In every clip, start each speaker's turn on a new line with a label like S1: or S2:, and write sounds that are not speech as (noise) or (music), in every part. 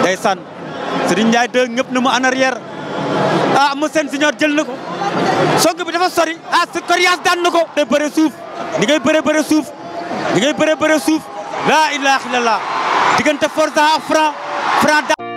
S1: ndeysaan Serigne Ndiaye 2 ñëpp na mu en arrière ah mu seen siñoor jël na ko song bi dafa a ah sa coriace daan na ko. di bëre suuf di ngay bëre bëre suuf di ngay bëre bëre suuf laa ilaaha illallaah diggante Forza ak Franc Franc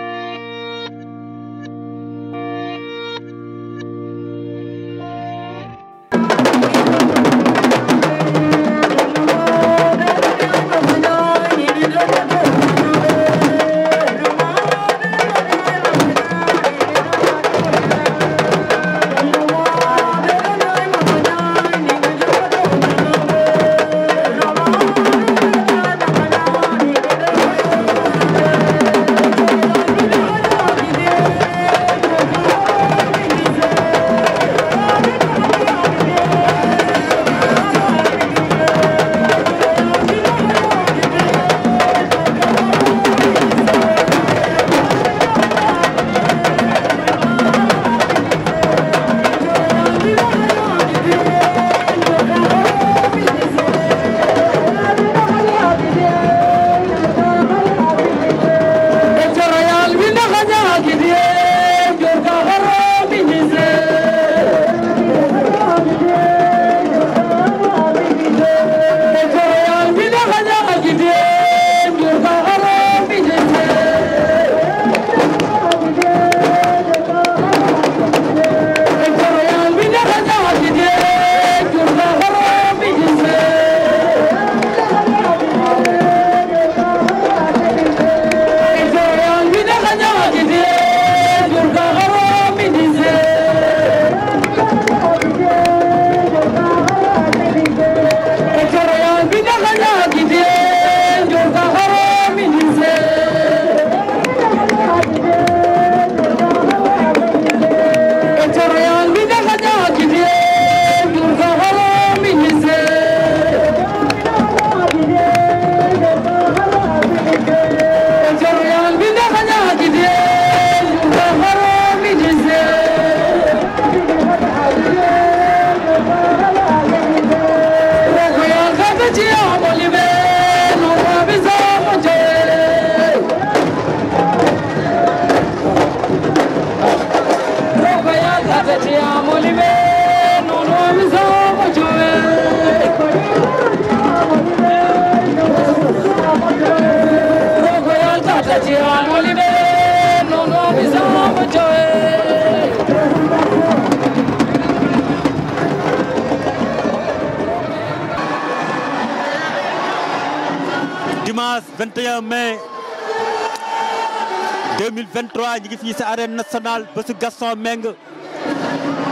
S1: 2023 ñu ngi fii sa arène nationale bésu Gaston Mbengue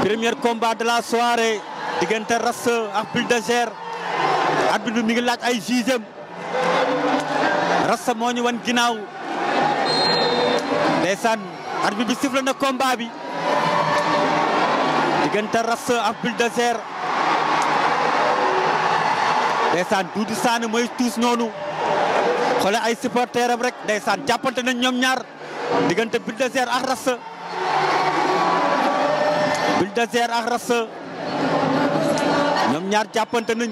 S1: premier combat de la soirée diggante Rasseur ak Bulldozer arbitre bi mi ngi laaj ay jugeem Rasseur moo ñu wan ginnaaw ndeysaan arbitre bi sifflé na combat bi diggante Rasseur ak Bulldozer ndeysaan Doudou Sané mooy tuus noonu xoole ay supporteram rek ndeysaan jàppante nañ ñoom ñaar diggante Bulldozer ak Rass Bulldozer ak Rass ñoom ñaar jàppante nañ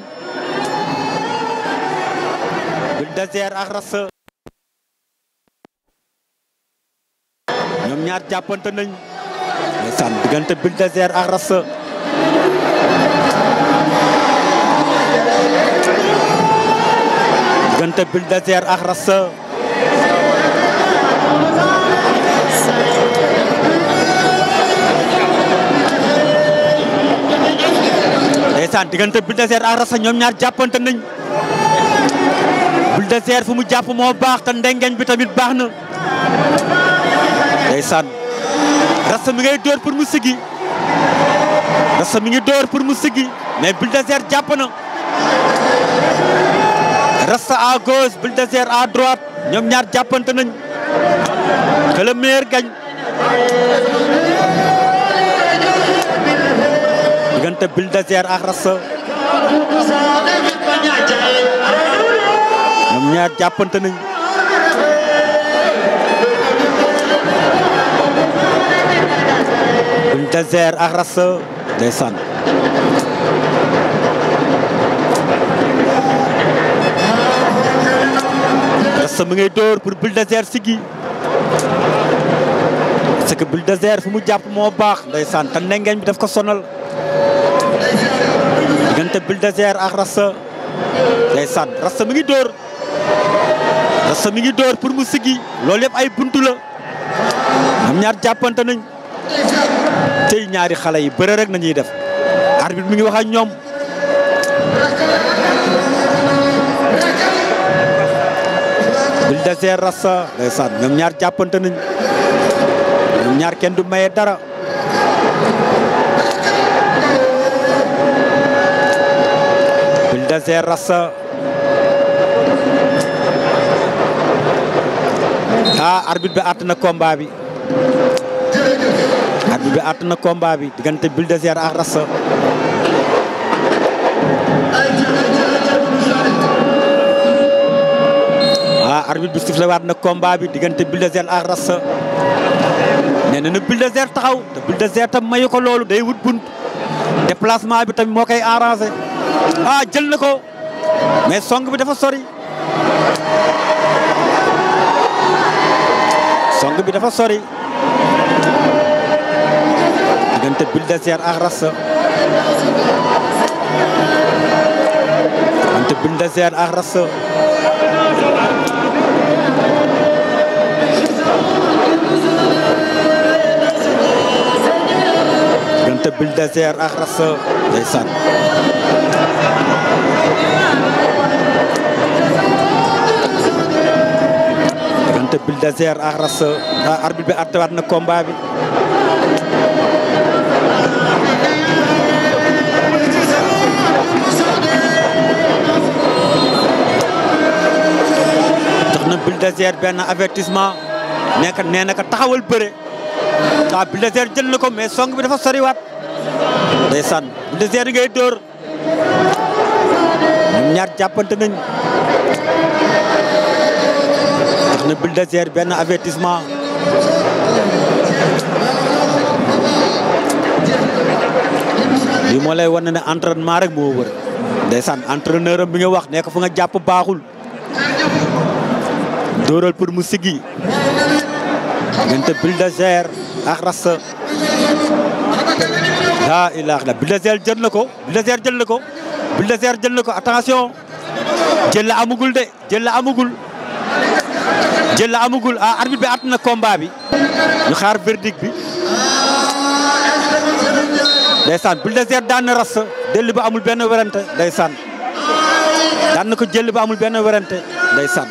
S1: Bulldozer ak Rass ñoom ñaar jàppante nañ ndeysaan diggante Bulldozer ak Rass diggante Bulldozer ak ndeysaan diggante Bulldozer ak Rassa ñoom ñaar jàppante nañ Bulldozer fu mu jàpp moo baax te ndengeñ bi tamit baax na ndeysaan Rassa mi ngay dóor pour mu siggi Rassa mi ngi dóor pour mu siggi mais Bulldozer jàpp na Rassa à gauche Bulldozer à droite ñoom ñaar jàppante nañ que le meilleur diggante Bulldozer ak Rass ñoom ñaar jàppante nañ Bulldozer ak Rass ndeysaan Rass mi ngay dóor pour Bulldozer sigi parce que Bulldozer fi mu jàpp moo baax ndeysaan te nengeen bi daf ko sonal diggante Bulldozer ak Rasta day sànn Rasta mi ngi dóor Rasta mi ngi dóor pour mu siggi loolu yëpp ay buntu la ñaar jàppante nañ tey ñaari xale yi bëre rek nañuy def arbitre mi ngi wax ak ñoom Bulldozer Rasta day sànn ñoom ñaar jàppante nañ ñaar kenn du maye dara désert rasa ah arbitre bi àtt na combat bi arbitre bi na combat bi diggante Buldozer ak rasa ah, diggante Buldozer ak rasa nee na na Buldozer taxaw te Buldozer tam mayu ko loolu day wut bunt déplacement bi tamit moo koy arrangé ah jël na ko mais song bi dafa sori song bi dafa sori diggante Bulldozer ak Rass diggante Bulldozer ak Rass diggante Bulldozer ak Rass ndeysaan Bulldozer ak Rass arbitre bi attewaat na combat bi jox na Bulldozer benn avertissement nee ka nee na ka taxawal bëre waaw jël na ko mais song bi dafa soriwaat ndeysaan Bulldozer ngay dóor ñaar jàppante jox na Bulldozer benn avertissement li moo lay wan ne entraînement rek moo wër ndeysaan entraîneur a bi nga wax nekk fu nga jàpp baaxul dóoral pour mu siggi diggante Bulldozer ak a laa la illa Bulldozer jël na ko Bulldozer jël na ko Bulldozer jël na ko attention jël la amugul de jël la amugul jël la amagul ah arbitre bi at na combat bi ñu xaar verdict bi ndeysaan Bulldozer daan na ras jël ba amul benn werante ndeysaan daan na ko jël ba amul benn werante ndeysaan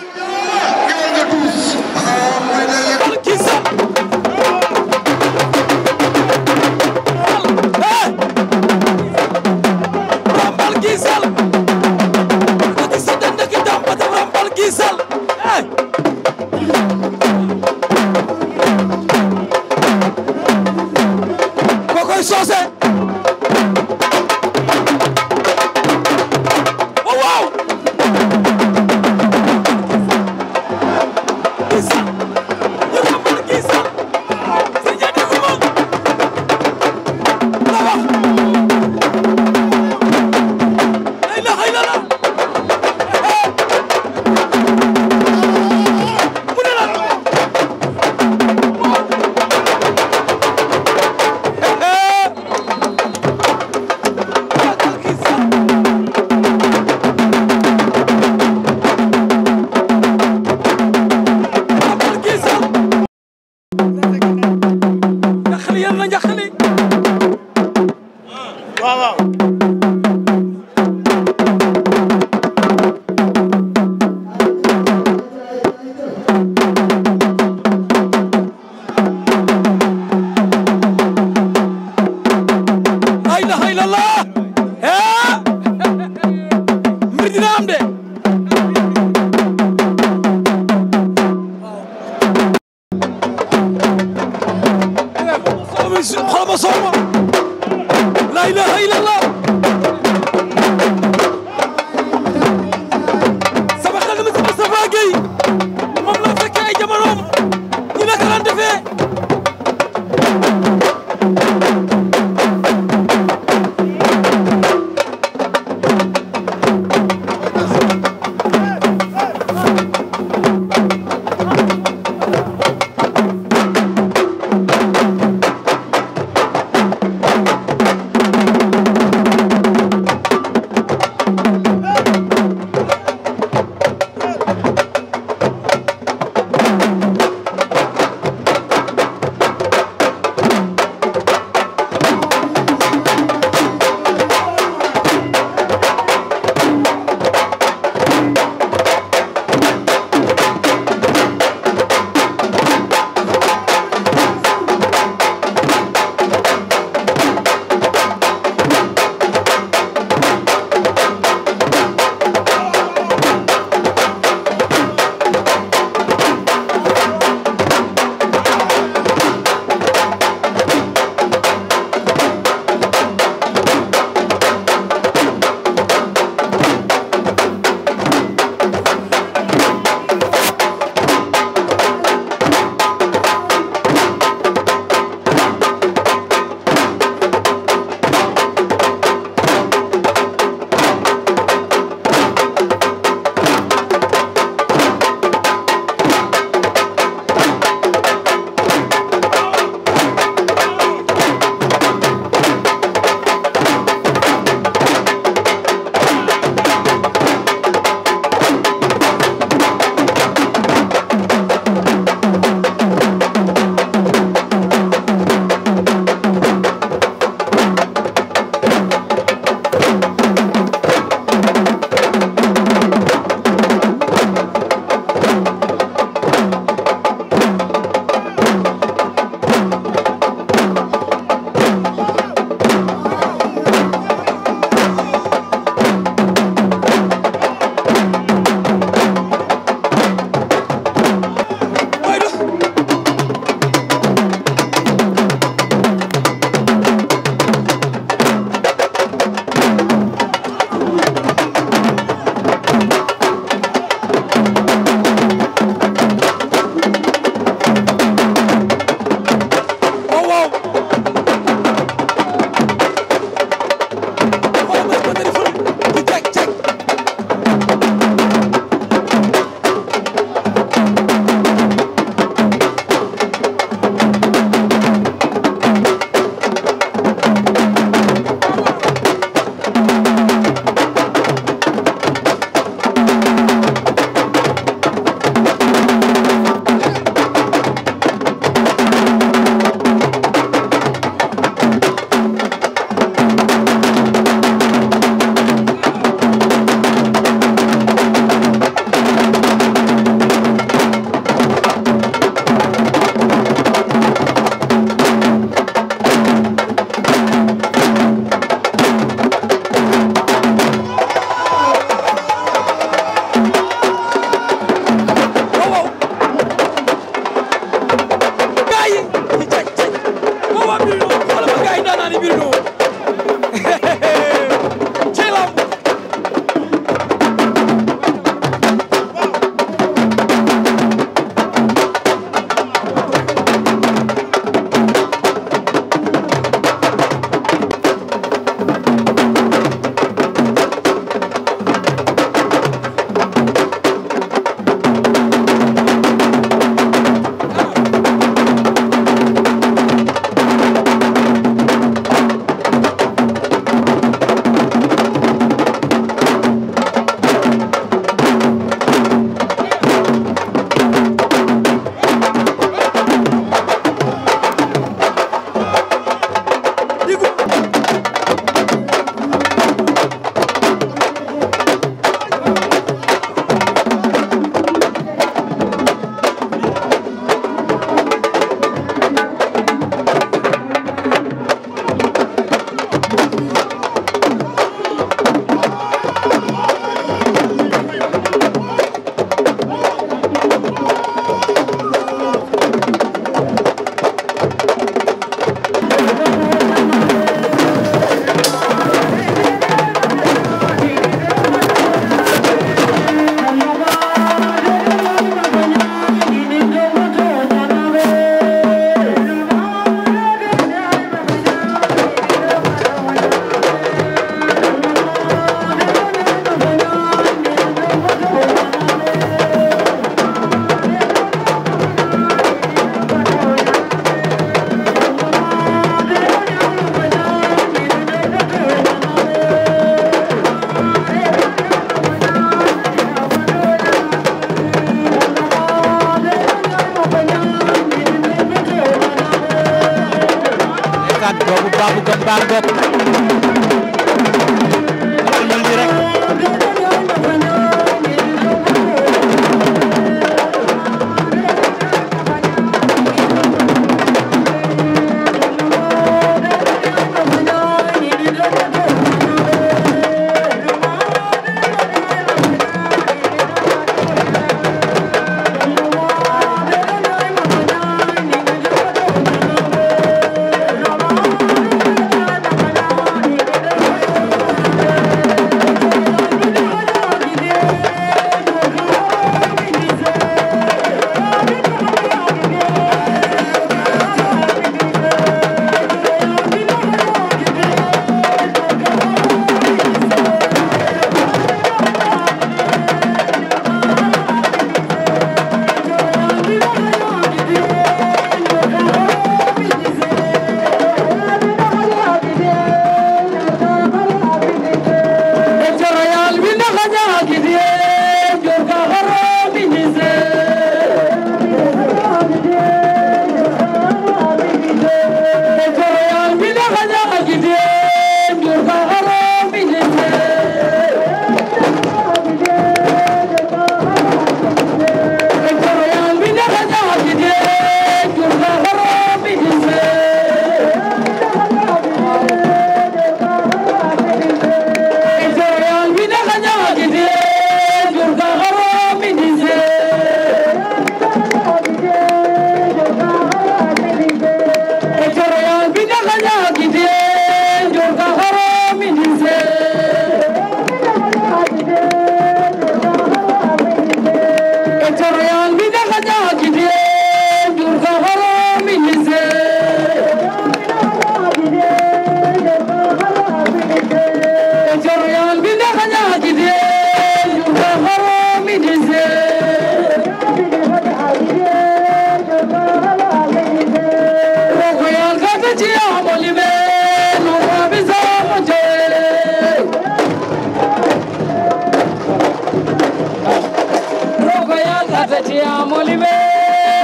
S2: atati amoli be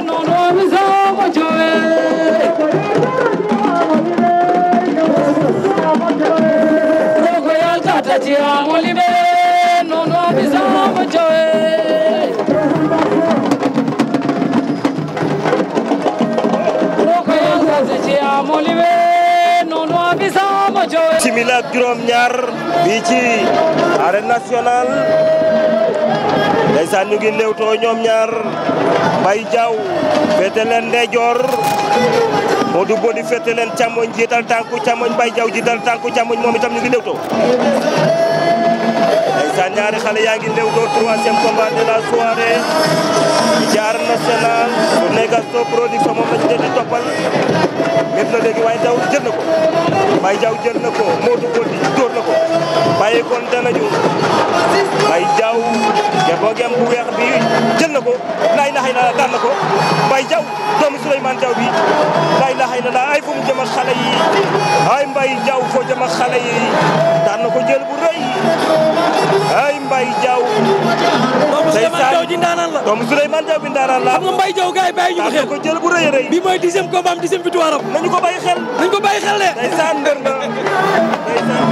S2: nono mi zo mo jowe
S3: simili ak juróom-ñaar fii ci arène nationale ndeysaan ñu ngi léewtoo ñoom ñaar Baye Diaw féete leen ndeyjoor Modou Bodi féete leen càmmoñ jiital tànku càmmoñ Baye Diaw jiital tànku càmmoñ moom itam ñu ngi léewtoo ndeysaan ñaari xale yaa ngi léewtoo troisième combat de la soirée ci arène nationale bu nekk Gaston Production moom la ñu leen di toppal métti na léegi waaye daaw jël na ko waaye Diaw jël na ko Modou Gondi dóor na ko bàyyi kon danañu Baye Diaw. ngemboo ngemb bu weex bi jël na ko laay laxay na la daan na ko Mbaye Diaw doomu Souleymane Diaw bi laay laxay na la ay fu mu jëm ak xale yi ay Mbaye Diaw foo jëm xale yi daan na ko jël bu rëy ay Mbaye Diaw doomu Souleymane Diaw ji ndaanaan la doomu Souleymane Diaw bi ndaanaan la xam nga Mbaye Diaw gars yi bàyyi ñu ko xel ko jël bu rëy
S4: rëy bi mooy dixième combat am dixième victoire am nañu ko bàyyi xel nañu ko bàyyi xel de ndeysaan mbër la ndeysaan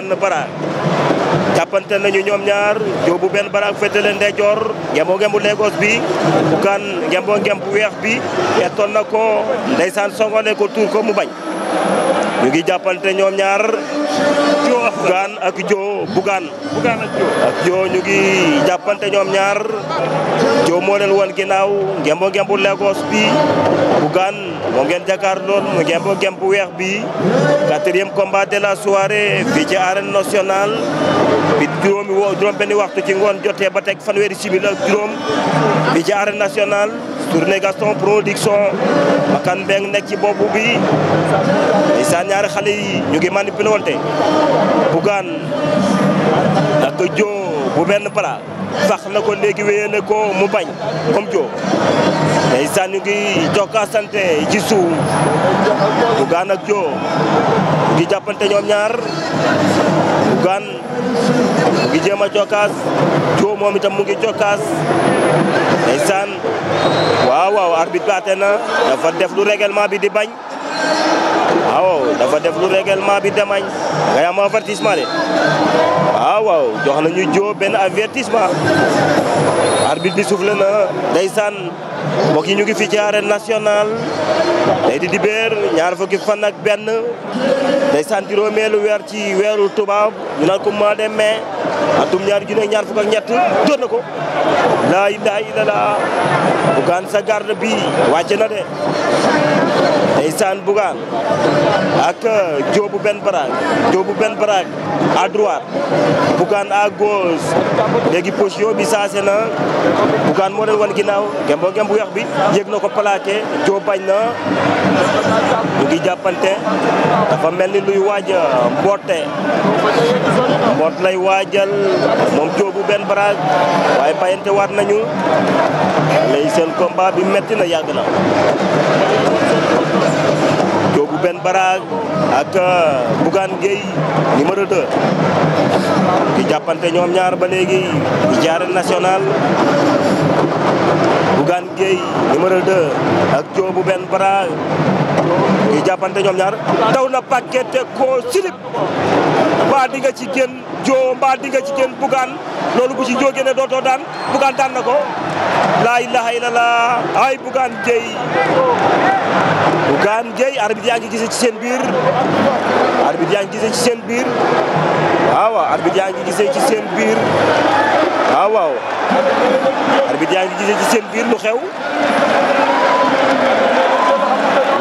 S3: benn baraak jàppante nañu ñoom ñaar jóobu benn baraak féetale ndeyjoor ngemboo ngembu Lagos bi bukaan ngemboo ngembu weex bi ettoon na ko ndeysaan songone ko tuur ko mu bañ ñu ngi jàppante ñoom ñaar bugaan ak joo bugaan ak joo ñu ngi jàppante ñoom ñaar joo moo leen wan ginnaaw ngemboo ngembu Lagos bi Bougane moo ngeen jàkkaar lool mu ngemb bu weex bii quatrième combat de la soirée fii ci arène nationale bi juróomi woo benn waxtu ci ngoon jotee ba teg fanweeri simili ak juróom fii ci arène nationale tournée Gaston Production Bakane Mbengue nekk ci bopp bi isaan ñaari xale yi ñu ngi manipulé wante Bougane ak joo bu benn pala sax na ko léegi wéyee ko mu bañ comme joo ndeysaan ñu ngi jokkaasante ci suuf Bougane ak Diop ñu ngi jàppante ñoom ñaar Bougane mu ngi jéem a jokkaas Diop moom itam mu ngi jokkaas ndeysaan waaw waaw arbitre baate na dafa def lu règlement bi di bañ waaw dafa def lu règlement bi demañ ngay am avertissement de waaw waaw jox nañu joo benn avertissement arbitre bi soufflé na ndeysaan mbokk yi ñu ngi fii ci arène nationale tey di dibéer ñaar fukki fan ak benn ndeysaan juróomeelu weer ci weeru tubaab ñu naan ko mois de mai atum ñaar junne ñaar fukk ak ñett door na ko laa ilaaha illallaah bugaan sa garde bi wàcce na de Ndeysaan Bougane ak euh, Diop benn baraag Diop benn baraag à droite Bougane léegi position bi saase na Bougane moon leen wan ginnaaw gembo gem bu weex bi yéeg na ko plaqué Diop bañ na ñu ngi jàppante dafa mel ni luy waaj mboote mboot lay waajal moom Diop benn baraag waaye bàyyante waat nañu lay seen combat bi metti na yàgg na Ben Barak ak euh, Bougane Gueye numéro 2. di jàppante ñoom ñaar ba léegi ci arène nationale Bougane Gueye numéro 2 ak Diop Ben Barak. ñuy jàppante ñoom ñaar daw na paquete ko silip mbaa di nga ci génn joo mbaa di nga ci génn bugaan loolu bu joo génne dootoo daan bugaan daan na ko laa ilaha illallah ay bugaan géy bugaan géy arbitre yaa ngi gise ci seen biir arbitre yaa ngi gise ci seen biir waaw gise ci seen biir waaw waaw ci seen biir lu xew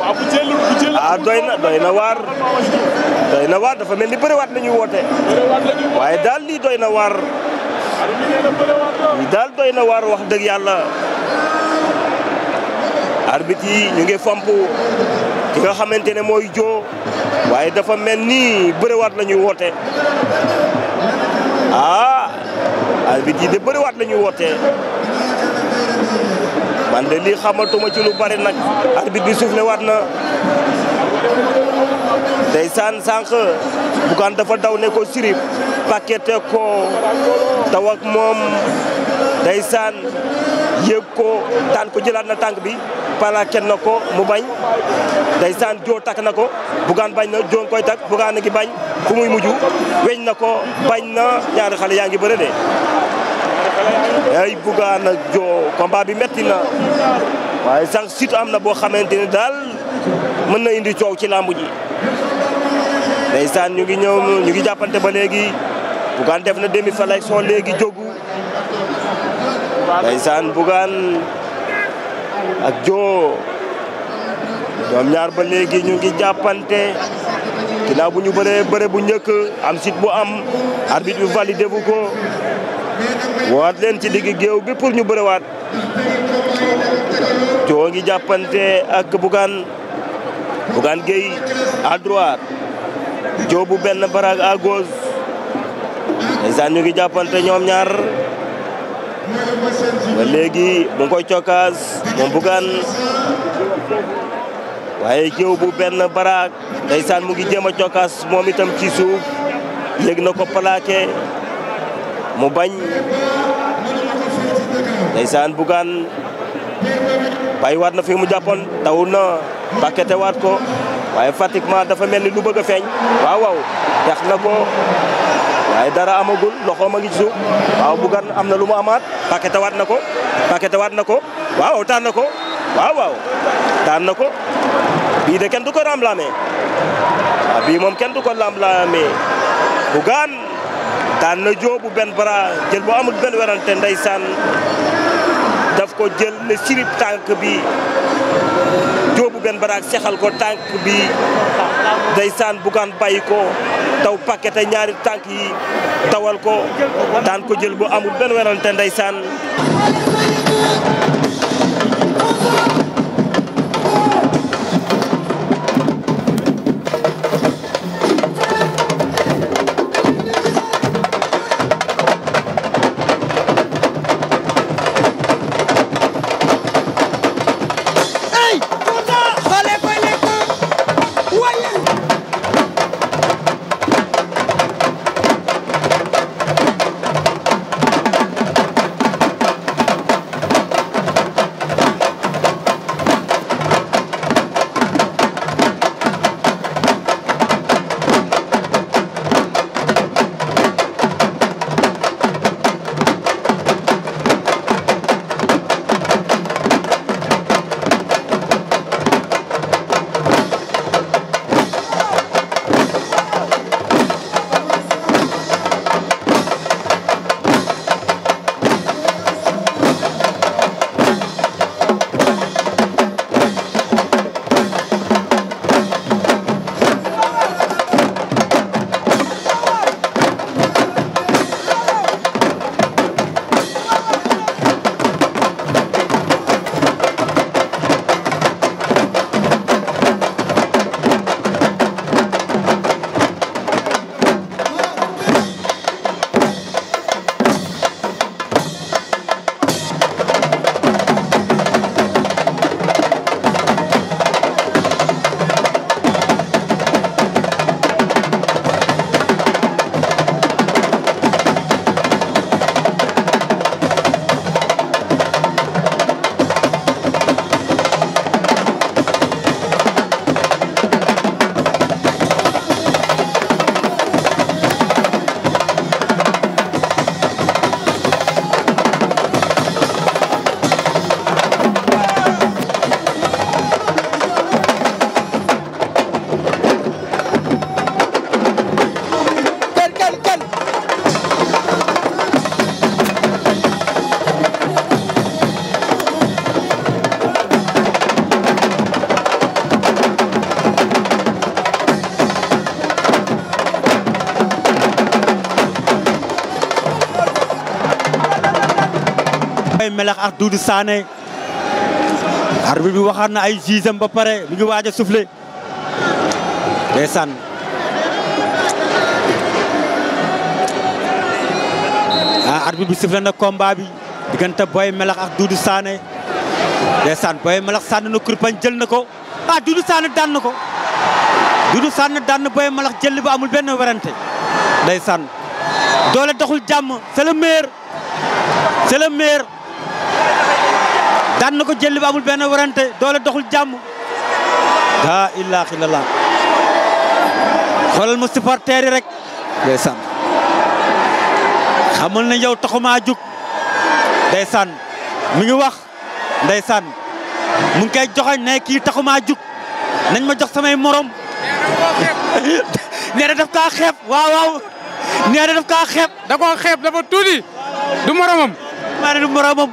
S3: ah doy na doy na waar doy na waar dafa mel ni bëriwaat la ñuy woote waaye daal lii doy na waar lii daal doy na waar wax dëgg yàlla arbitre yi ñu ngi famp ki nga xamante ne mooy joo waaye dafa mel ni bëriwaat la ñuy woote ah arbitre yi de bëriwaat la ñuy woote man de lii xamatuma ci lu bari nag arbitre bi soufflé waat na tey saan sànq bugaan dafa daw ne ko sirip paqueté ko taw moom tey saan yéeg ko daan ko jëlaat na tànk bi palaket na ko mu bañ tey saan joo takk na ko bugaan bañ na joo koy takk bugaan a ngi bañ fu muy mujj weñ na ko bañ na ñaari xale yaa ngi bëre de ay bugaan ak joo combat bi metti na waaye sax site am na boo xamante ne daal mën na indi coow ci làmb ji. ndeysaan ñu ngi ñëw ñu ngi jàppante ba léegi bugaan def na demi falaison léegi jógu ndeysaan bugaan ak joo ñoom ñaar ba léegi ñu ngi jàppante ginnaaw bu ñu bëree bu njëkk am site bu am arbitre bi validé bu ko. waat leen ci digg géew bi pour ñu bëriwaat coo ngi jàppante ak Bougane Bougane Gueye à coo bu benn baraag à gauche ñu ngi jàppante ñoom ñaar ba léegi mu ngi koy cokkaas moom waaye géew bu benn baraag mu ngi jéem a cokkaas moom itam ci suuf yëg na ko plaqué mu bañ ndeysaan bugaan bàyyi waat na fi mu jàppoon taw na paquete waat ko waaye pratiquement dafa mel ni lu bëgg a feeñ waaw waaw tax na ko waaye dara amagul loxoom a ngi ci waaw bugaan am na lu mu amaat paquete waat na ko paquete waat na ko waaw taan na ko waaw waaw ko bii de kenn du ko lamlamee moom kenn du ko lamlamee bugaan daan na jóobu benn bras jël bu amul benn werante ndeysaan daf ko jël ne sirip tànk bi jóobu benn baraak sexal ko tànk bi ndeysaan bugaan bàyyi ko taw paquete ñaari tànk yi tawal ko daan ko jël bu amul benn werante ndeysaan
S1: Melex ak Doudou Sané arbitre bi waxaat na ay gisam ba pare mi ngi waaj a soufflé ndeysaan ah arbitre bi soufflé na combat bi diggante Boy Melex ak Doudou Sané ndeysaan Boy Melex sànni na kurpañ jël na ko ah Doudou Sané daan na ko Doudou Sané daan na Boy Melex jël ba amul benn werante ndeysaan doole doxul jàmm c'est le maire c'est daan na ko jël ba amul benn warante doole doxul jàmm laa ilaaha illallaah xoolal ma supporter yi rek ndeysaan xamal na yow taxumaa jug ndeysaan mi ngi wax ndeysaan mu ngi koy joxoñ ne kii taxumaa jug nañ ma jox samay morom (laughs) nee na daf kaa xeeb waaw waaw nee na daf kaa xeeb da koo xeeb dafa tuuti du moromam maa ne du moromam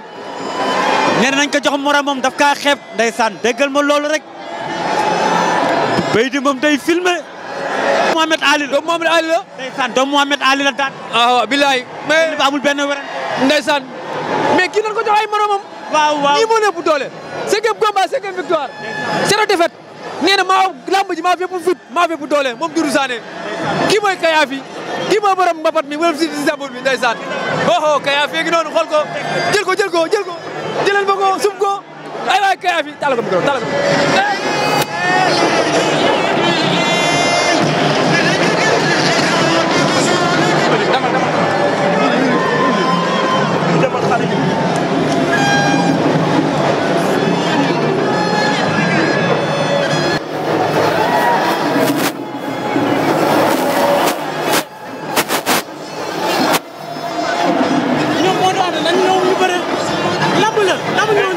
S1: nee nañ ko jox moromam daf kaa xeeb ndeysaan déggal ma loolu rek béy di moom day filmer Mohamed Ali la doomu Mohamed Ali la. ndeysaan doomu Mohamed Ali la daan.
S4: ah bilaay. mais li amul kii nañ ko jox ay moromam. waaw waaw ñii moo nekk bu doole. cinquième combat cinquième victoire. zéro défaite. nee na maa làmb maa fépp fit maa fépp doole moom Doudou Sané kii mooy Kayaafi kii mooy borom mbapat mi wala si Zambul bi ndeysaan oh Kayaafi ngi noonu xool ko jël ko jël ko jël ko jëlal ko sum ko ay waay Kayaafi tala ko micro tala ko Thank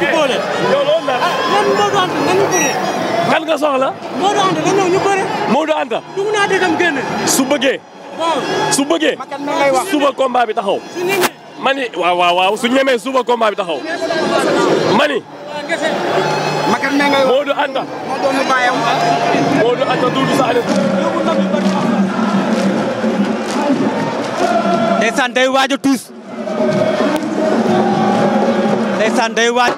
S4: ñu boole. yow loolu la ah man Modou Anta nañu bëre. kan nga su bëggee. waaw su bëggee. bi taxaw. su ñemee mani waaw waaw waaw su ñemee suba combat bi taxaw. mani. makan na ngay Anta. moo doon mu bàyyam. Modou
S1: Anta Doudou ndeysaan day waaj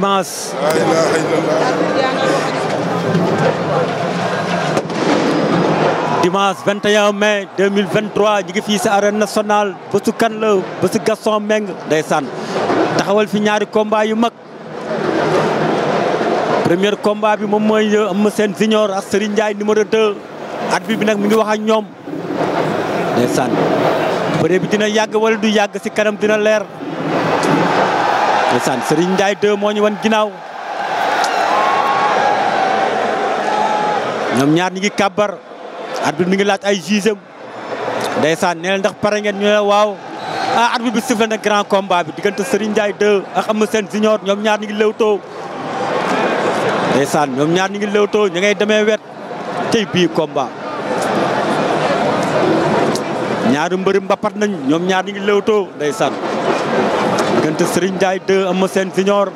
S1: dimanche. dimanche 21 mai 2023 ñu ngi fii si arène nationale bésu kan la bésu Gaston Meng ndeysaan taxawal fi ñaari combat yu mag. premier combat bi moom mooy Eumeu Sène junior ak Serigne Ndiaye numéro 2 at bi bi nag mi ngi wax ak ñoom ndeysaan bëre bi dina yàgg wala du yàgg si kanam dina leer. ndeysaan Serigne Ndiaye 2 moo ñu wan ginnaaw ñoom ñaar ñi ngi kàbbar arbitre mi ngi laaj ay gisem ndeysaan nee na ndax pare ngeen ñu waaw ah arbitre bi sifflé na grand combat bi diggante Serigne Ndiaye 2 ak Eumeu Sène Junior ñoom ñaar ñi ngi lewtoo ndeysaan ñoom ñaar ñi ngi lewtoo ñu ngay demee wet bii combat ñaari mbëri mbapat nañ ñoom ñaar ñi diggante Serigne Ndiaye 2 Eumeu Sène Junior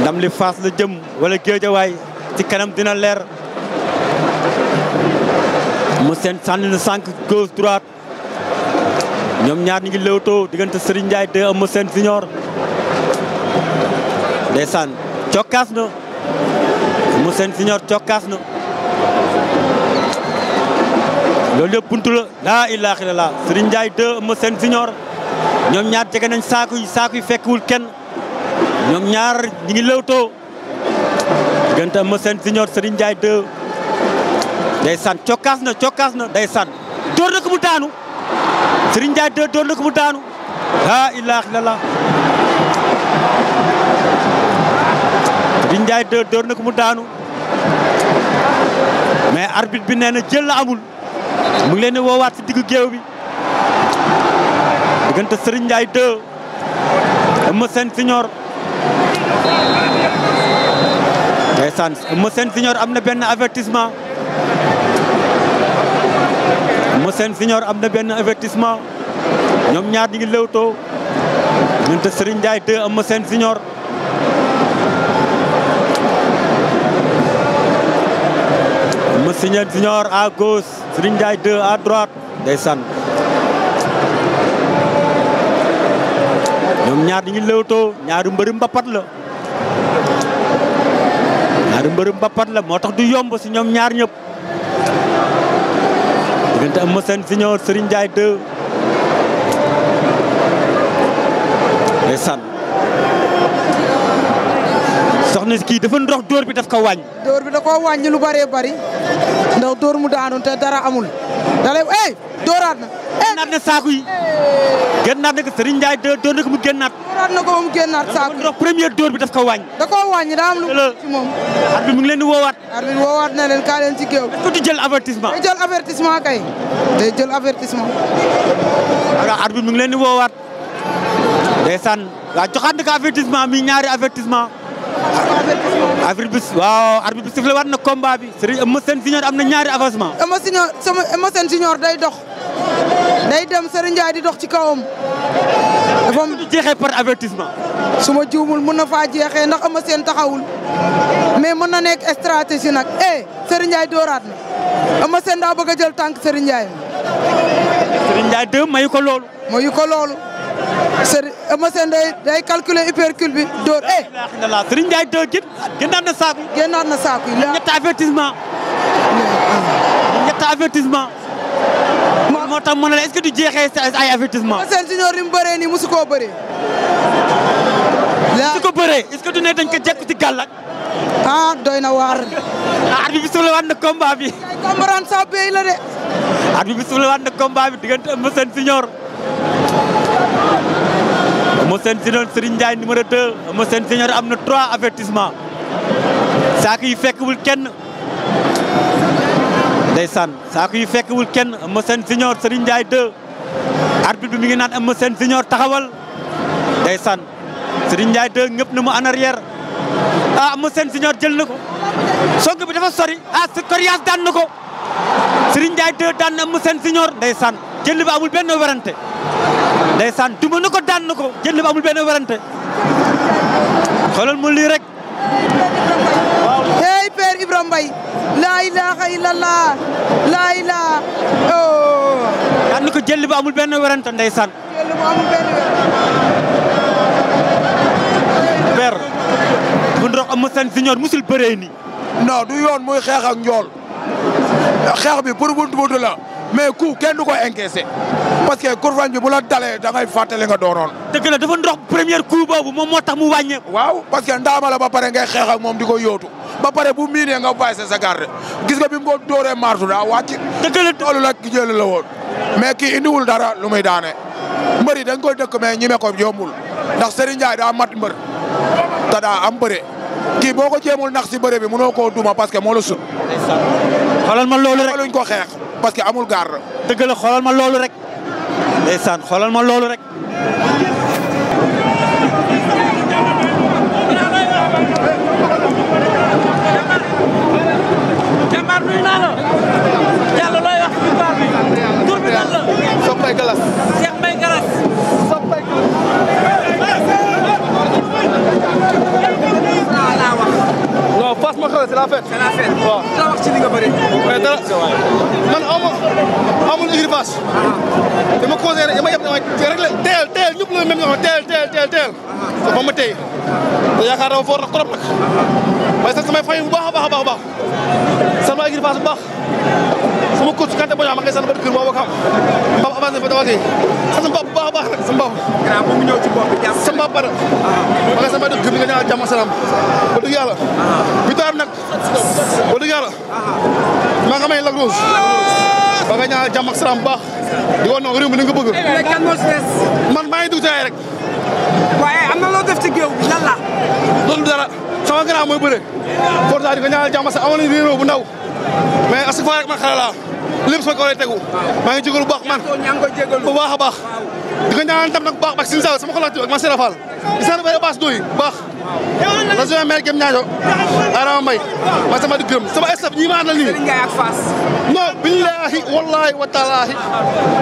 S1: ndam li Fass la jëm wala Géejawaay ci kanam dina leer Eumeu Sène sànni na sànq droite ñoom ñaar ñu ngi lewtoo diggante Serigne Ndiaye 2 Eumeu Sène Junior ndeysaan cokkaas na Eumeu Sène Junior cokkaas na loolu yëpp buntu la laa ilaaha illallaah Serigne Ndiaye 2 Eumeu Sène ñoom ñaar jege nañ saaku yi saaku yi fekkwul kenn ñoom ñaar ñi ngi lëwtoo diggante Eumeu Sène Junior Serigne Ndiaye 2 day sàn cokkaas na cokkaas na day sàn door na ko mu daanu Serigne Ndiaye 2 door na ko mu daanu laa ilaaha illallaah Serigne ko mu daanu mais arbitre bi nee na jël la amul mu ngi leen wowaat si diggu géew bi diggante Serigne Ndiaye 2 Eumeu Sène Senior ndeysaan Eumeu Sène Senior am na benn avertissement Eumeu Sène am na benn avertissement ñoom ñaar ñi ngi lewtoo diggante Serigne Ndiaye 2 Eumeu Sène Senior Eumeu Sène Senior à gauche Serigne Ndiaye 2 à droite ndeysaan ñoom ñaar dañuy lewtoo ñaari mbëri mbapat la ñaari mbëri mbapat la moo tax du yomb si ñoom ñaar ñëpp diggante Eumeu Sène Junior jaay Ndiaye 2 ndeysaan soxna si kii dafa ndox dóor bi daf ko
S5: wàññi. dóor bi da koo wàññi lu bëree bari ndax dóor mu daanu te dara amul da lay eh dóoraat génnaat na saako yi génnaat na ko Serigne Ndiaye dë dóor na ko mu génnaat. dóoraat na ko ba mu génnaat saako yi premier dóor bi daf ko wàññi. da koo wàññi daa am lu ci moom. at bi mu ngi leen di woowaat. at bi woowaat na leen kaa leen ci géew. est-ce que du jël avertissement. day jël avertissement kay. day jël avertissement. alors at bi mu ngi leen di woowaat.
S1: ndeysaan waaw joxaat na ko avertissement mi ñaari avertissement. arbitre bi waaw arbitre bi sifflé waat na combat bi Serigne Eumeu Sène Junior am na ñaari avancement.
S5: Eumeu Sène Junior day dox. day dem Serigne di dox ci kawam. dafa am jeexee par avertissement. su ma juumul mun na faa jeexee ndax ama seen taxawul mais mën na nekk stratégie nag eh Serigne Ndiaye dooraat na ama seen bëgg a jël tànk Serigne Ndiaye. Serigne Ndiaye deux mayu ko loolu. mayu ko loolu. Serigne ama seen day day calculer bi door eh. Serigne Ndiaye deux gën gënaat na saako. na saako yi ñetti avertissement. Ah. ñetti moo moo tax ma ne la est-ce que du jeexee ay avertissement. Eumeu Sène junior li mu bëree nii mosu koo bëree. la su ko bëree est-ce que du ne dañ ko jekku ci gàllank. ah doy na waar. ah arbitre bi suflewaat na
S1: combat bi. kay
S5: comprendre sa béy
S1: bi suflewaat na combat bi diggante Eumeu Sène junior. Eumeu Sène junior Serigne Ndiaye numéro 2 Eumeu Sène junior am na trois avertissement. saako yi fekkul kenn. ndeysaan saako yi fekkwul kenn Eumeu Sène Junior Serigne Ndiaye 2 arbitre bi mi ngi naan Eumeu Sène Junior taxawal ndeysaan Serigne Ndiaye 2 ñëpp na mu en arrière ah Eumeu Sène Junior jël na ko song bi dafa sori ah coriace daan na ko Serigne Ndiaye 2 daan na Eumeu Sène Junior ndeysaan jël ba amul benn werante ndeysaan duma na ko daan na ko jël ba amul benn werante xoolal mu lii rek
S5: père Ibra Mbaye laa ilaha illallah laa ilaha
S1: oh daan na ko jël bu amul benn werante ndeysaan
S5: jël bu amul benn werante
S1: père bu ndox am seen siñoor musul bëree ni
S4: non du yoon muy xeex ak njool xeex bi pour buntu buntu la mais ku kenn du ko encaissé parce que kurfañ bi bu la dalee da ngay fàttali nga doonoon. dëgg la dafa ndox première coup moom moo tax mu wàññeeku. waaw parce que ndaama la ba pare ngay xeex moom di ko yootu ba pare bu miinee nga bàyyi sa sa garde gis nga bi mu ko dóoree martu daa wàcc dëgg la toolu nag jël la woon mais kii indiwul dara lu muy daane mbëri dañ koy dëkk mais ñime ko jombul ndax Serigne Ndiaye daa mat mbër te daa am bëre kii boo ko jéemul nax si bëre bi mënoo ko duma parce que moo la sut xoolal ma loolu rek luñ ko parce que amul garde
S1: dëgg la xoolal ma loolu rek ndeysaan xoolal ma loolu rek
S4: nuyu naa la Diallo looy wax ci victoire bi tur bi nan la. Cheikh Mbaye Galas. Cheikh Mbaye Galas. Cheikh Mbaye Galas. non Fass ma xewle c'est la fête. c'est la fête waaw. dina wax ci li nga bëri. mais dara man amul amul igri Fass. Ah. dama conseillé dama yeb ne ma rek la teel teel ñëpp la même ñoo teel teel teel teel. te ah. ba ma tey. te yaakaar dama foor na trop nag. Ah. waaye sax samay fay bu baax a baax a baax. sama équipe face bu baax sama coach Kanté Bojan ma koy sant ba dëkk moo bokk am ba avancé bu baax a baax nag sama bopp. gannaaw moom sama bopp pare. ma koy sant ba dëkk bi nga ñaanal jàmm ak salaam. ba dëgg yàlla. victoire nag ba dëgg yàlla. maa baax. di ko noonu réew mi bëgg. Eh, man maa ngi dugg rek. waaye am loo def ci géew bi loolu dara. sama grand mooy bëre Forza di ko ñaanal jàmm parce que amoon nañu bu ndaw mais as rek man xale laa lépp sama kaw lay tegu maa ngi jégalu bu baax man bu bax a baax di ko ñaanal tam nag bu baax baax sin sa sama xol la ak man Serap Fall di sant bay Abass Ndoye bu baax région maire Guém Ñaajo Arama Mbaye man sama di gërëm sama staff ñi nii non billahi wallahi wa taalahi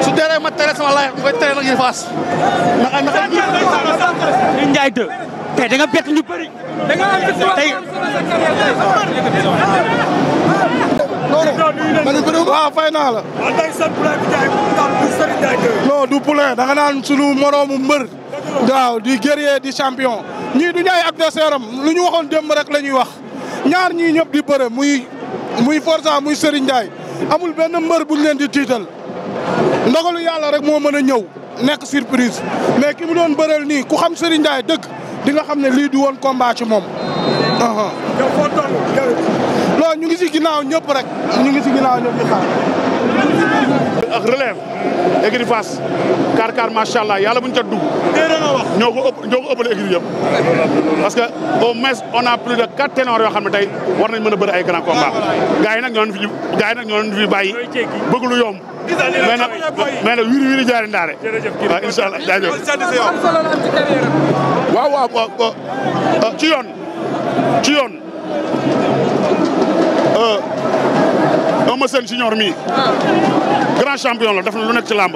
S4: su teree ma tere sama laay ma koy tere nag yéen Fass ndax ay naxa tey da nga bett ñu bëri. da nga am tey. non ah, waaw fay naa la. non du poulain da naan sunu moroomu mbër. waaw di guerrier di champion. ñii du ñu ay lu ñu waxoon démb rek la ñuy wax ñaar ñii ñëpp di bëre muy muy Forza muy Serigne amul benn mbër bu ñu leen di tiital ndogalu yàlla rek moo mën a ñëw nekk surprise mais ki mu doon bëreel nii ku xam Serigne Ndiaye di nga xam ne lii du woon combat ci moom. yow foo toll.
S6: loolu ñu ngi si ginnaaw ñëpp rek ñu ngi si ginnaaw ñëpp di xaar. ak relève écurie Fass car car macha allah yàlla bu ñu ca dug ñoo ko ëpp ñoo ko ëppale écurie yëpp. parce que au moins on a plus de quatre ténors yoo xam ne tey war nañ mën a bëri ay grand combat. gars yi nag ñoo leen fi gars bëgg lu yomb. mais nag wiiri wiiri jaari ndaare. waaw incha allah Eumeu Sène junior mii grand champion la def na lu nekk ci làmb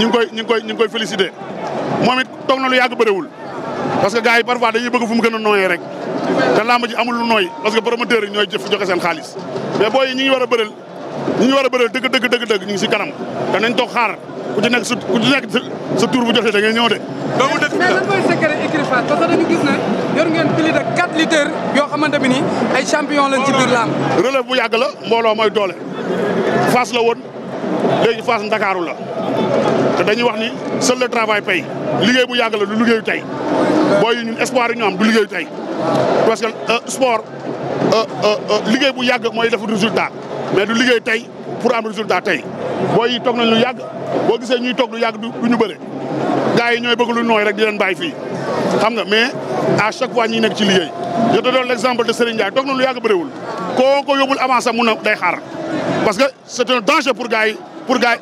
S6: ñu ngi koy ñu ngi koy ñu ngi koy félicité moom it toog na lu yàgg bëriwul parce que gars yi parfois dañuy bëgg fu mu gën a nooyee rek te làmb ji amul lu nooy parce que promoteur yi ñooy jëf joxe seen xaalis mais booy yi ñi ngi war a bëreel ñi ngi war a bëreel dëgg dëgg dëgg dëgg ñu ngi si kanam te nañ toog xaar ku ci nekk sa ku ci nekk sa bu jotee da ngay ñëw de phase ngeen plus de 4 yoo xamante bi ni ay champion lañ ci biir làmb. bu yàgg la mbooloo mooy doole Fass la woon léegi Fass Ndakaaru la te dañuy wax ni seul le travail paye liggéey bu yàgg la du liggéeyu tey booy ñun espoir yi ñu am du liggéeyu tey parce que euh, euh, euh, liggéey bu yàgg mooy def résultat mais du liggéey tey pour am résultat tey boo yi toog nañ lu yàgg boo gisee ñuy toog lu yàgg du ñu bëre. gars yi ñooy bëgg lu nooy rek di leen bàyyi fii xam nga mais a chaque fois ñi nekk ci liggéey je te donne l' exemple de Serigne Ndiaye toog na lu yàgg bëriwul koo ko yóbbul avance mun na day parce que c' danger pour gars yi pour nekk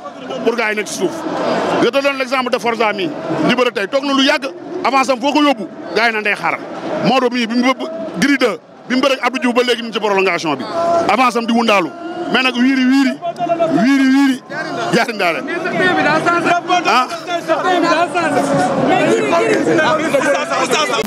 S6: suuf je te donne l' exemple de Forza mi di bëri tey lu yag avance am ko yóbbu gars na day xaar Maodo mii bi mu Gris 2 bi mu bëri Abdou ba léegi ñu ci prolongation bi avance am di wundaalu nag wiiri wiiri wiiri yaari ndaare. ah.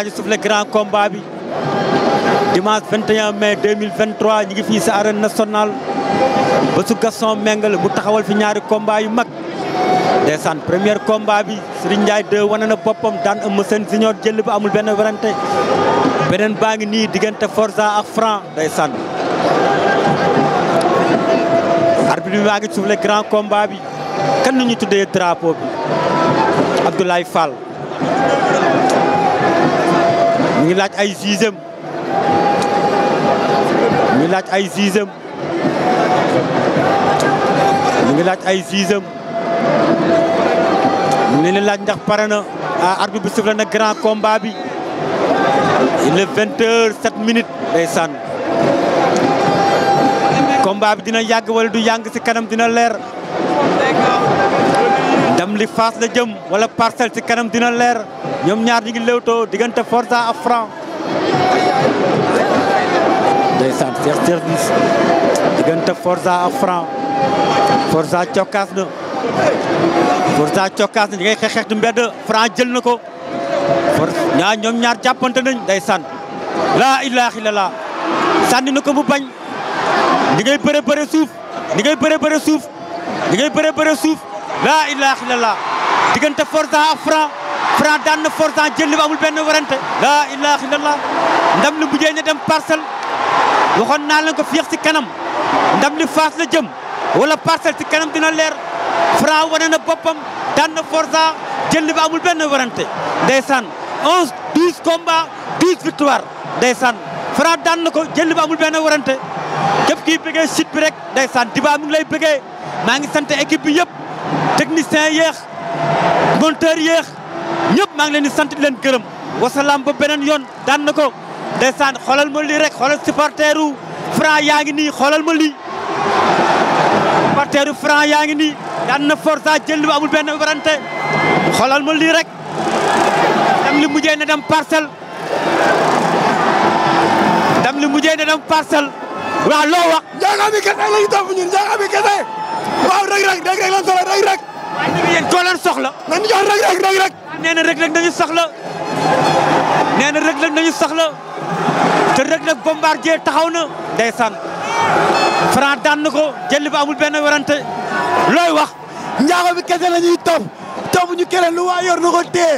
S1: arbitre ñu soufflé grand combat bi dimanche 21 mai 2023 ñu ngi fii sa arène nationale ba su Gaston Mbengue mu taxawal fi ñaari combat yu mag ndeysaan premier combat bi Serigne Ndiaye 2 wane na boppam daan Eumeu Sène junior jël ba amul benn werante beneen baa ngi nii diggante Forza ak Franc ndeysaan arbitre bi maa ngi soufflé grand combat bi kan la ñu tuddee trapo bi Abdoulaye Fall ñu ngi laaj ay sixième ñu ngi laaj ay sixième ñu ngi laaj ay sixième ñu ngi laaj ndax pare na ah arbitre bi sifflé na grand combat bi il est vingt heures sept minutes day sànn combat bi dina yàgg wala du yàgg ci kanam dina leer dam li faas la jëm wala parcelle ci kanam dina leer ñoom ñaar ñu ngi lewtoo diggante Forza ak Franc ndeysaan Cheikh Service diggante Forza ak Franc Forza cokkaas na Forza cokkaas na ñu ngay xeex jël na ko Forza ñaar ñoom ñaar jàppante nañ ndeysaan laa ilaaha illallaah sànni na ko mu bañ ñi ngay bëre suuf ñi ngay bëre suuf ñi ngay bëre suuf laa ilaaha illallaah diggante Forza ak Franc Franc daan na Forza jël ba amul benn warante la ilaha illallah ndam li mujjee na dem parcelle waxoon naa leen ko fiix ci kanam ndam li faas la jëm wala parcelle ci kanam dina leer Franc wane na boppam daan na Forza jël ba amul benn warante ndeysaan 11 12 combats 12 victoire ndeysaan Franc daan na ko jël ba amul benn warante képp kii bëggee site bi rek ndeysaan Diba mi ngi lay bëggee maa ngi sant équipe bi yëpp technicien yéex monteur yéex ñëpp maa ngi leen di sant leen gërëm wasalaam ba beneen yoon daan na ko ndeysaan xolal ma lii rek xoolal supporteru Franc yaa ngi ni xoolal ma lii supporteru Franc yaa ngi nii daan na Forza jël ba amul benn warante xoolal ma lii rek dem li mujjee na dem dam dem li mujjee na
S4: dem parcelle waaw loo wax njaaxaami kese lañu topp ñun njaaxaami kese waaw rek
S1: rek rek rek lan soxla rek rek waaye nag yéen koo leen soxla nan jox rek rek rek rek nee na Reug Reug dañu soxla nee na dañu soxla te Reug Reug bombardier taxaw na ndeysaan Franc daan na ko jël ba amul benn werante looy wax njaaxo bi kese la ñuy topp ñu keneen lu waa yor na ko téye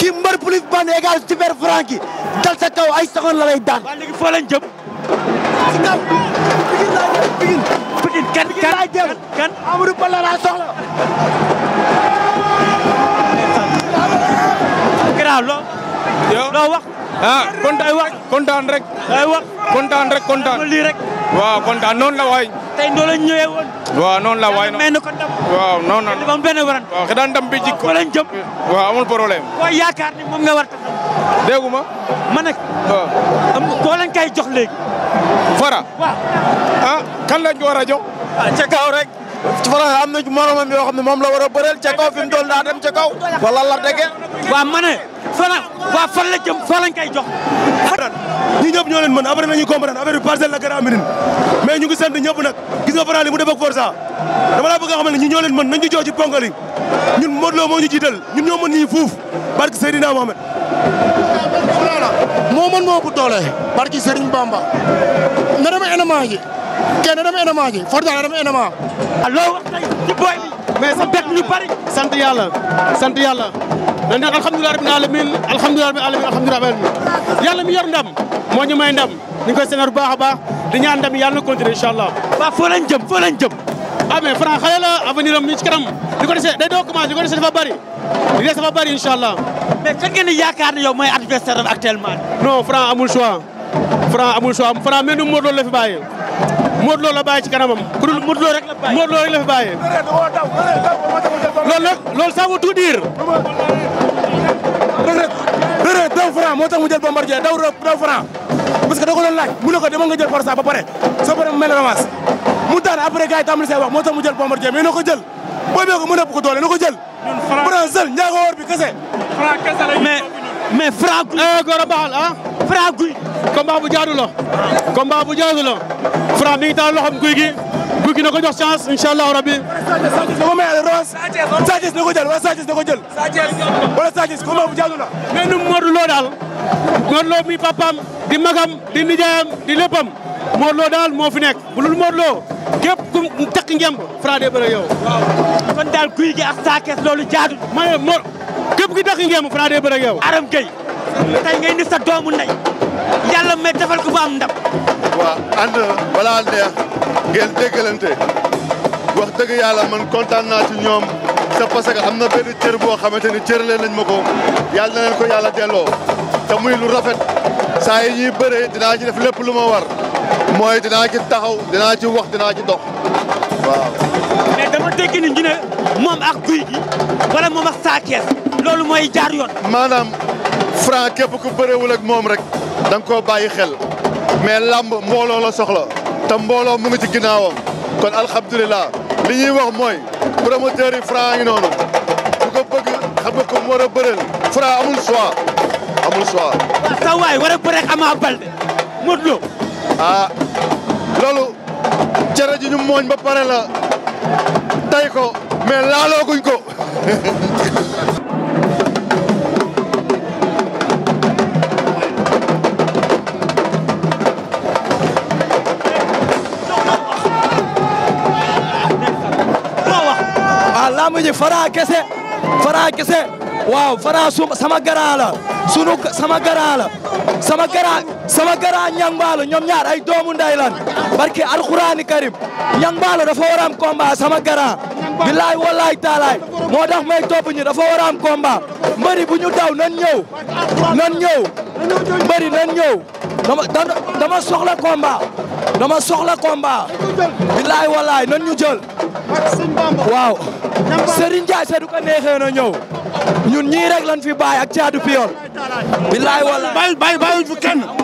S4: ki mbër plus bande égal super Franc yi dal sa kaw ay seconde la lay daan waa léegi foo jëm kan kan kan Amadou Ba waaw loo. loo wax. ah kontaan wax kontaan rek. looy wax kontaan rek kontaan. waaw kontaan noonu la waay. tey noonu la ñëwee woon. waaw noonu la waay noonu. waaw noonu la. dafa am benn waran. waaw xëy na ndam bi jikko. yaakaar ni moom nga war a ma. ma nekk. waaw am koo leen kay jox léegi. Fara. waaw ah kan lañ ko war a jox. ah rek. ci Fara am na moromam yoo xam ne moom la war a bëreel ca kaw fi dem ca wala la dege. waaw ma ne. fana waa fan la jëm fan lañ jo jox. ñi ñëpp ñoo leen mën après nañu comprendre affaire bi parcelle la Grand Médine mais ñu ngi sant ñëpp nag gis nga Franc li mu def ak Forza dama laa bëgg a xamal ne ñi ñoo leen mën ñun Modou moo ñu jiital ñun ñoo mën ñii fuuf barke Seydina Mohamed. moo mën moo bu doole barki Serigne Bamba na dama enema ji kenn na dama enema ji Forza na dama enema loo wax tey ci booy bi mais sa bet ñu bari sant yàlla dañ naan alhamdulilah rabbil alamin alhamdulilah rabbil alamin alhamdulilah rabbil alamin yor ndam moo ñu may ndam ñu koy sénar bu baax a baax di ñaan ndam yàlla na continuer incha allah waaw foo lañ jëm foo lañ jëm ah mais la avenir am mi ci kanam li ko dese day doo commencé li ko dese dafa bëri li des dafa bëri incha allah mais kan ngeen di yaakaar ne yow mooy adversaire am actuellement non Franc amul choix Franc amul choix Franc mel ni Modou Lo la fi bàyyi Modou Lo la bàyyi ci kanamam ku dul Modou Lo rek la fi bàyyi loolu nag loolu ça veut tout dire. daw Franc moo tax mu jël Bombardier daw daw Franc parce que da ko doon laaj mu ne ko dama nga jël forsa ba pare soo pare mu mel revanche mu daan après gars yi tàmbali say wax moo tax mu jël Bombardier mais na ko jël boo ko mu nëpp ko doole na ko jël. ñun Franc Franc bi kese. Franc kese la mais mais Franc eh, góor a baaxal ah Franc guy combat bu jaadu la ngi taal loxoom guy gi. Gouy Gui na ko jox chance incha allah rabi. Sa na ko wala Sa na ko wala Sa Thiès combat bu jaadu la. mais nu daal Modou mi papam di magam di nijaayam di léppam Modou daal moo fi nekk bu dul Modou Lo képp ku takk ngemb Fra de bëre yow. waaw kon daal Gouy Gui ak Sa loolu jaadu. ma ne Mor képp ki takk ngemb Fra de bëre Aram Gueye tey ngay ni sa doomu ndey. yàlla mais defal ko bu am ndam.
S6: waaw ànd balaa neex ngeen déggalante wax dëgg yàlla man kontaan naa ci ñoom c'est parce am na benn cër boo xamante ni leen nañ ma ko yàlla na ko yàlla delloo te muy lu rafet saa yi ñuy bëree dinaa ci def lépp lu ma war mooy dinaa ci taxaw dinaa ci wax dinaa ci dox waaw. mais
S4: dama dégg ni ñu ne moom ak guy gi wala moom ak saa loolu mooy jaar yoon.
S6: maanaam Franc képp ku bëree wul moom rek. da nga bàyyi xel mais làmb mbooloo la soxla te mbooloo mu ngi ci ginnaawam kon alhamdulilah li ñuy wax mooy promoteur yi Franc ngi noonu bu ko bëgg xam nga ko mu war a bëreel Franc amul choix amul choix. waaw sa waay war a bëreel Ama Baldé
S4: ah, loolu cere ñu mooñ ba pare la tay ko mais laalooguñ (laughs) ji Fara kese Fara kese waaw Fara sama garaa la sunu sama garaa la sama garaa sama garaa Niang Ballo ñaar ay doomu nday lan barke alxuraani karim Niang dafa war a sama garaa billaay wallaay taalaay moo tax may topp dafa war a am combat mbëri bu ñu daw nan ñëw nan ñëw mbëri nan ñëw dama soxla combat dama soxla combat billaay wallaay nan ñu jël waaw Serigne Ndiaye sa du ko neexee na ñun ñii rek lan fi bàyyi ak caadu piyool billaay wallaay bàyyi bàyyi bàyyi fu